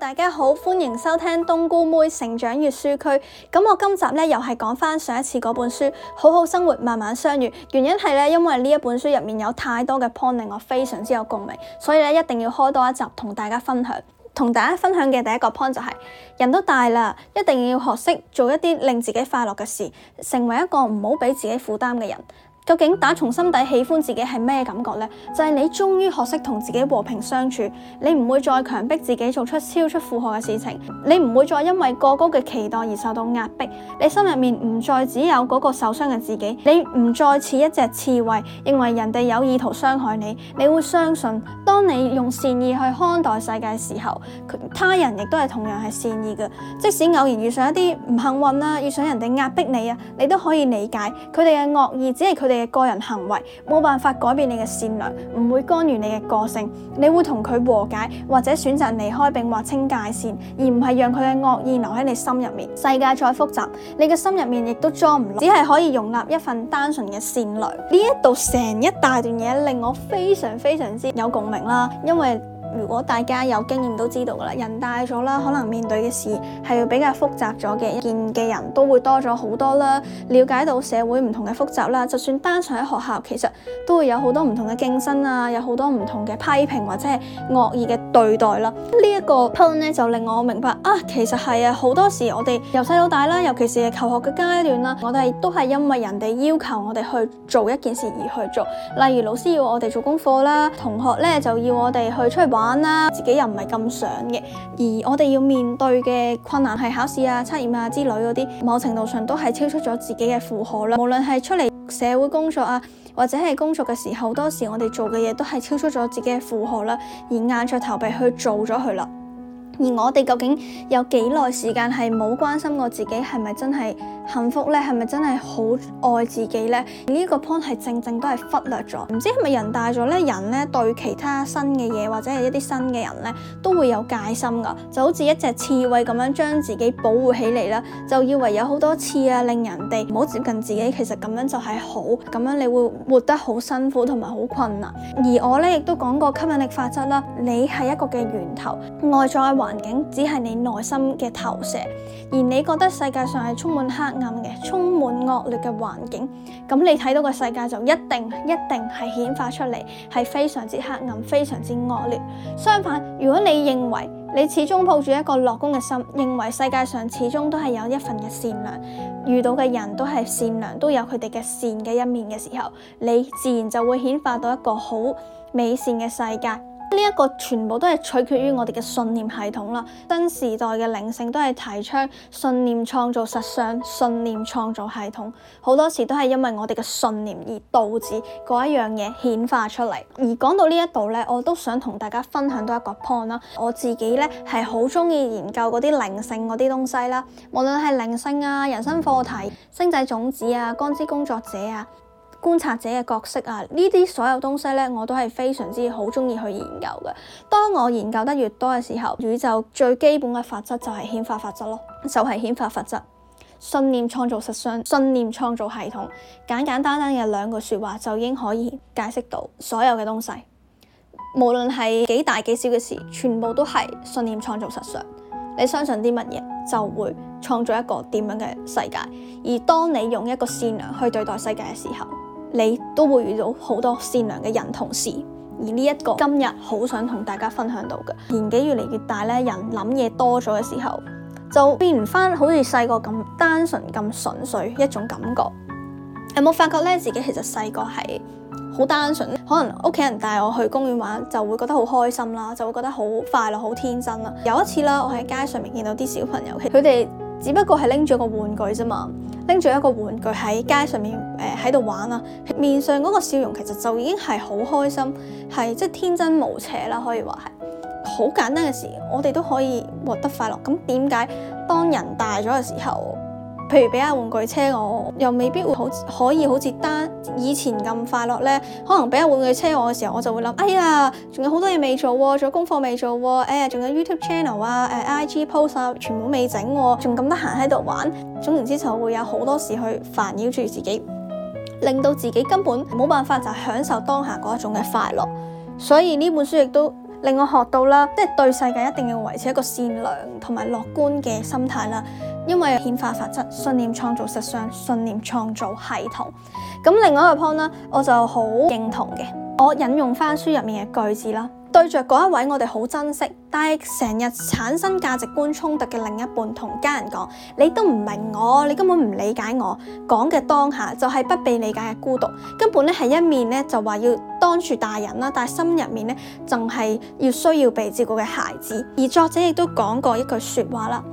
大家好，歡迎收聽冬菇妹成長閱書區。咁我今集咧又係講翻上一次嗰本書《好好生活，慢慢相遇》。原因係咧，因為呢一本書入面有太多嘅 point 令我非常之有共鳴，所以咧一定要開多一集同大家分享。同大家分享嘅第一個 point 就係人都大啦，一定要學識做一啲令自己快樂嘅事，成為一個唔好俾自己負擔嘅人。究竟打從心底喜歡自己係咩感覺呢？就係、是、你終於學識同自己和平相處，你唔會再強迫自己做出超出負荷嘅事情，你唔會再因為過高嘅期待而受到壓迫，你心入面唔再只有嗰個受傷嘅自己，你唔再似一隻刺蝟，認為人哋有意圖傷害你，你會相信當你用善意去看待世界嘅時候，他人亦都係同樣係善意嘅，即使偶然遇上一啲唔幸運啊，遇上人哋壓迫你啊，你都可以理解佢哋嘅惡意，只係佢。你嘅個人行為冇辦法改變你嘅善良，唔會干預你嘅個性，你會同佢和解或者選擇離開並劃清界線，而唔係讓佢嘅惡意留喺你心入面。世界再複雜，你嘅心入面亦都裝唔落，只係可以容納一份單純嘅善良。呢一度成一大段嘢，令我非常非常之有共鳴啦，因為。如果大家有經驗都知道噶啦，人大咗啦，可能面對嘅事係比較複雜咗嘅，見嘅人都會多咗好多啦，了解到社會唔同嘅複雜啦。就算單純喺學校，其實都會有好多唔同嘅競爭啊，有好多唔同嘅批評或者係惡意嘅對待啦。呢一個 point 咧就令我明白啊，其實係啊，好多時我哋由細到大啦，尤其是求學嘅階段啦，我哋都係因為人哋要求我哋去做一件事而去做。例如老師要我哋做功課啦，同學咧就要我哋去出去玩啦、啊，自己又唔係咁想嘅。而我哋要面對嘅困難係考試啊、測驗啊之類嗰啲，某程度上都係超出咗自己嘅負荷啦。無論係出嚟社會工作啊，或者係工作嘅時候，好多時我哋做嘅嘢都係超出咗自己嘅負荷啦，而硬着頭皮去做咗佢啦。而我哋究竟有幾耐時間係冇關心過自己係咪真係？幸福咧，係咪真係好愛自己呢？呢個 point 係正正都係忽略咗。唔知係咪人大咗咧？人咧對其他新嘅嘢或者係一啲新嘅人咧，都會有戒心㗎。就好似一隻刺蝟咁樣將自己保護起嚟，啦，就以為有好多刺啊，令人哋唔好接近自己。其實咁樣就係好，咁樣你會活得好辛苦同埋好困難。而我咧亦都講過吸引力法則啦。你係一個嘅源頭，外在嘅環境只係你內心嘅投射。而你覺得世界上係充滿黑。暗嘅，充滿惡劣嘅環境，咁你睇到個世界就一定一定係顯化出嚟，係非常之黑暗，非常之惡劣。相反，如果你認為你始終抱住一個樂觀嘅心，認為世界上始終都係有一份嘅善良，遇到嘅人都係善良，都有佢哋嘅善嘅一面嘅時候，你自然就會顯化到一個好美善嘅世界。呢一個全部都係取決於我哋嘅信念系統啦。新時代嘅靈性都係提倡信念創造實相，信念創造系統。好多時都係因為我哋嘅信念而導致嗰一樣嘢顯化出嚟。而講到呢一度咧，我都想同大家分享多一個 point 啦。我自己咧係好中意研究嗰啲靈性嗰啲東西啦，無論係靈性啊、人生課題、星際種子啊、光之工作者啊。觀察者嘅角色啊，呢啲所有東西咧，我都係非常之好中意去研究嘅。當我研究得越多嘅時候，宇宙最基本嘅法則就係顯化法則咯，就係、是、顯化法則。信念創造實相，信念創造系統，簡簡單單嘅兩句説話就已經可以解釋到所有嘅東西，無論係幾大幾小嘅事，全部都係信念創造實相。你相信啲乜嘢，就會創造一個點樣嘅世界。而當你用一個善良去對待世界嘅時候，你都會遇到好多善良嘅人同事，而呢一個今日好想同大家分享到嘅，年紀越嚟越大咧，人諗嘢多咗嘅時候，就變唔翻好似細個咁單純咁純粹一種感覺。有冇發覺咧？自己其實細個係好單純，可能屋企人帶我去公園玩就會覺得好開心啦，就會覺得好快樂、好天真啦。有一次啦，我喺街上面見到啲小朋友，佢哋，只不過係拎住一個玩具啫嘛，拎住一個玩具喺街上面誒喺度玩啊，面上嗰個笑容其實就已經係好開心，係即係天真無邪啦，可以話係好簡單嘅事，我哋都可以獲得快樂。咁點解當人大咗嘅時候？譬如俾阿玩具車我，又未必會好可以好似單以前咁快樂咧。可能俾阿玩具車我嘅時候，我就會諗：哎呀，仲有好多嘢未做喎，仲有功課未做喎，哎呀，仲有 YouTube channel 啊、誒、啊、IG post、啊、全部未整喎，仲咁得閒喺度玩。總言之，就會有好多事去煩擾住自己，令到自己根本冇辦法就享受當下嗰種嘅快樂。所以呢本書亦都令我學到啦，即係對世界一定要維持一個善良同埋樂觀嘅心態啦。因為顯化法則，信念創造實相，信念創造系統。咁另外一個 point 咧，我就好認同嘅。我引用翻書入面嘅句子啦，對着嗰一位我哋好珍惜，但係成日產生價值觀衝突嘅另一半同家人講，你都唔明我，你根本唔理解我。講嘅當下就係不被理解嘅孤獨。根本咧係一面咧就話要當住大人啦，但係心入面咧，淨係要需要被照顧嘅孩子。而作者亦都講過一句說話啦。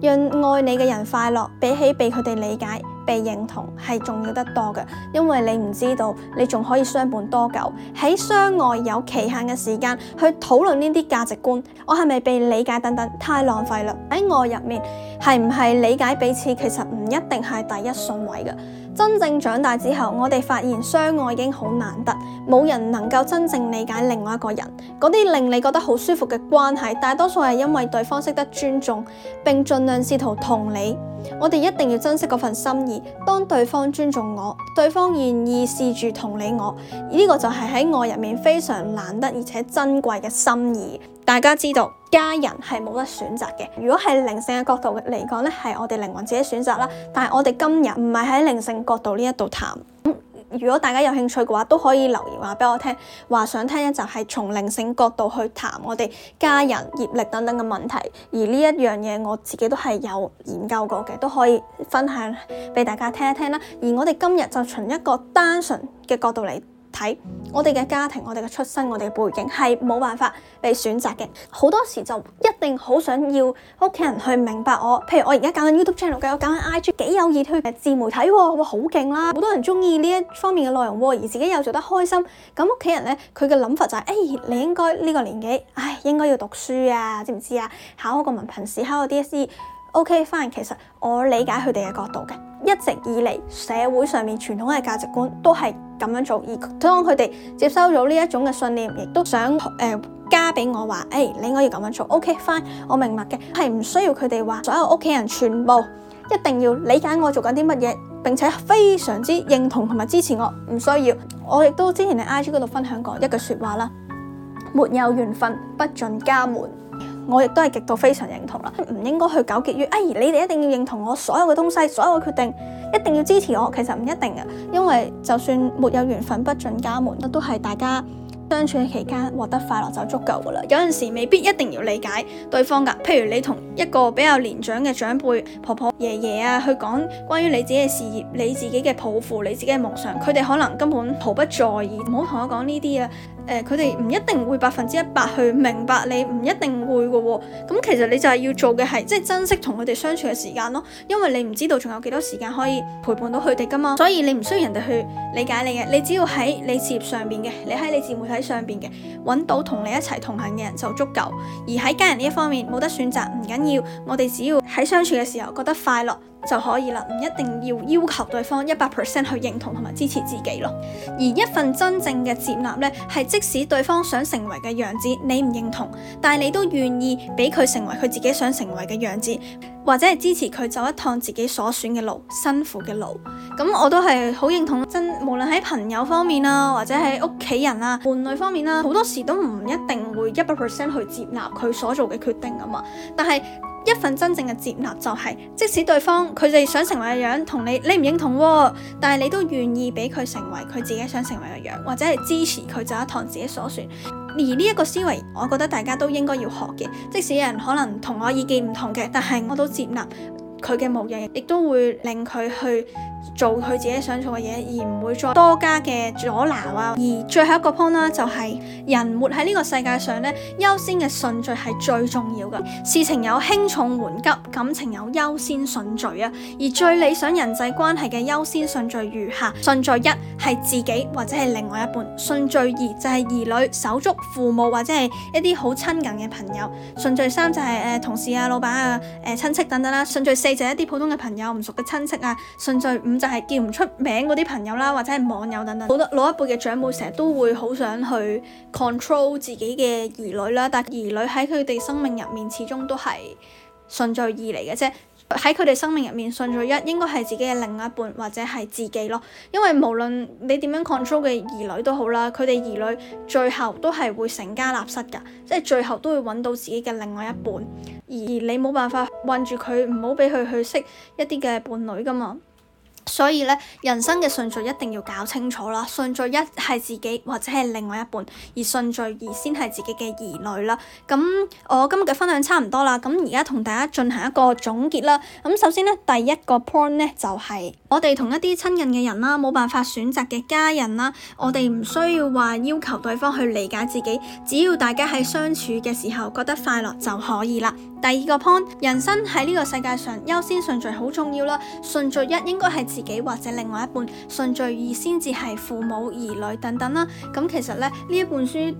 讓愛你嘅人快樂，比起被佢哋理解、被認同，係重要得多嘅，因為你唔知道你仲可以相伴多久。喺相愛有期限嘅時間，去討論呢啲價值觀，我係咪被理解等等，太浪費啦。喺愛入面，係唔係理解彼此，其實唔一定係第一順位嘅。真正長大之後，我哋發現相愛已經好難得，冇人能夠真正理解另外一個人。嗰啲令你覺得好舒服嘅關係，大多數係因為對方識得尊重，並盡量試圖同理。我哋一定要珍惜嗰份心意。當對方尊重我，對方願意試住同理我，呢個就係喺愛入面非常難得而且珍貴嘅心意。大家知道家人係冇得選擇嘅。如果係靈性嘅角度嚟講咧，係我哋靈魂自己選擇啦。但係我哋今日唔係喺靈性角度呢一度談。如果大家有興趣嘅話，都可以留言話俾我聽，話想聽一集就係從靈性角度去談我哋家人業力等等嘅問題。而呢一樣嘢我自己都係有研究過嘅，都可以分享俾大家聽一聽啦。而我哋今日就從一個單純嘅角度嚟睇我哋嘅家庭，我哋嘅出身，我哋嘅背景係冇辦法被選擇嘅。好多時就一定好想要屋企人去明白我。譬如我而家搞緊 YouTube channel 嘅，我搞緊 I G 幾有意去自媒體，哇好勁啦！好多人中意呢一方面嘅內容，而自己又做得開心。咁屋企人咧，佢嘅諗法就係、是：，哎，你應該呢個年紀，唉，應該要讀書啊，知唔知啊？考個文憑試，考個 DSE。Okay，fine。其實我理解佢哋嘅角度嘅。一直以嚟社會上面傳統嘅價值觀都係咁樣做，而當佢哋接收咗呢一種嘅信念，亦都想誒、呃、加俾我話：，誒、哎，你應該要咁樣做。Okay，fine。我明白嘅，係唔需要佢哋話所有屋企人全部一定要理解我做緊啲乜嘢，並且非常之認同同埋支持我。唔需要。我亦都之前喺 IG 嗰度分享過一句説話啦：，沒有緣分不進家門。我亦都係極度非常認同啦，唔應該去糾結於哎，你哋一定要認同我所有嘅東西，所有嘅決定，一定要支持我。其實唔一定嘅，因為就算沒有緣分不進家門，都都係大家相處期間獲得快樂就足夠噶啦。有陣時未必一定要理解對方噶，譬如你同一個比較年長嘅長輩、婆婆、爺爺啊，去講關於你自己嘅事業、你自己嘅抱負、你自己嘅夢想，佢哋可能根本毫不在意。唔好同我講呢啲啊！誒，佢哋唔一定會百分之一百去明白你，唔一定會嘅喎。咁其實你就係要做嘅係，即係珍惜同佢哋相處嘅時間咯。因為你唔知道仲有幾多時間可以陪伴到佢哋㗎嘛。所以你唔需要人哋去理解你嘅，你只要喺你事業上面嘅，你喺你自媒體上面嘅，揾到同你一齊同行嘅人就足夠。而喺家人呢一方面，冇得選擇，唔緊要。我哋只要喺相處嘅時候覺得快樂。就可以啦，唔一定要要求對方一百 percent 去認同同埋支持自己咯。而一份真正嘅接納咧，係即使對方想成為嘅樣子，你唔認同，但係你都願意俾佢成為佢自己想成為嘅樣子，或者係支持佢走一趟自己所選嘅路、辛苦嘅路。咁我都係好認同真，無論喺朋友方面啊，或者喺屋企人啊、伴侶方面啦、啊，好多時都唔一定會一百 percent 去接納佢所做嘅決定啊嘛。但係一份真正嘅接納就係、是，即使對方佢哋想成為嘅樣同你你唔認同喎，但係你都願意俾佢成為佢自己想成為嘅樣，或者係支持佢就一趟自己所選。而呢一個思維，我覺得大家都應該要學嘅。即使有人可能同我意見唔同嘅，但係我都接納。佢嘅模樣亦都會令佢去做佢自己想做嘅嘢，而唔會再多加嘅阻撓啊！而最後一個 point 啦，就係、是、人活喺呢個世界上咧，優先嘅順序係最重要嘅。事情有輕重緩急，感情有優先順序啊！而最理想人際關係嘅優先順序如下：順序一係自己或者係另外一半；順序二就係、是、兒女、手足、父母或者係一啲好親近嘅朋友；順序三就係、是、誒、呃、同事啊、老闆啊、誒、呃、親戚等等啦；順序四。你就一啲普通嘅朋友、唔熟嘅親戚啊，順序五就係叫唔出名嗰啲朋友啦、啊，或者係網友等等。好多老一輩嘅長輩成日都會好想去 control 自己嘅兒女啦，但係兒女喺佢哋生命入面始終都係順序二嚟嘅啫。喺佢哋生命入面，順序一應該係自己嘅另一半或者係自己咯。因為無論你點樣 control 嘅兒女都好啦，佢哋兒女最後都係會成家立室㗎，即係最後都會揾到自己嘅另外一半。而你冇辦法困住佢，唔好俾佢去識一啲嘅伴侶㗎嘛。所以咧，人生嘅順序一定要搞清楚啦。順序一係自己或者係另外一半，而順序二先係自己嘅兒女啦。咁我今日嘅分享差唔多啦，咁而家同大家進行一個總結啦。咁首先咧，第一個 point 咧就係、是、我哋同一啲親近嘅人啦，冇辦法選擇嘅家人啦，我哋唔需要話要求對方去理解自己，只要大家喺相處嘅時候覺得快樂就可以啦。第二個 point，人生喺呢個世界上優先順序好重要啦。順序一應該係。自己或者另外一半順序而先至係父母、兒女等等啦。咁、嗯、其實咧，呢一本書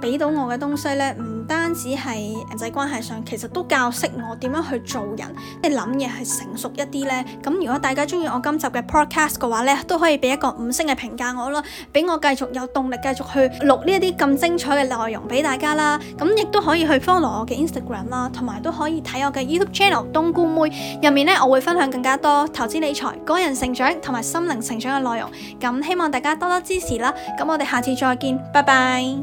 俾到我嘅東西咧，唔單止係人際關係上，其實都教識我點樣去做人，即係諗嘢係成熟一啲呢。咁如果大家中意我今集嘅 podcast 嘅話呢都可以俾一個五星嘅評價我咯，俾我繼續有動力繼續去錄呢一啲咁精彩嘅內容俾大家啦。咁亦都可以去 follow 我嘅 Instagram 啦，同埋都可以睇我嘅 YouTube channel 冬菇妹入面呢，我會分享更加多投資理財、個人成長同埋心靈成長嘅內容。咁希望大家多多支持啦。咁我哋下次再見，拜拜。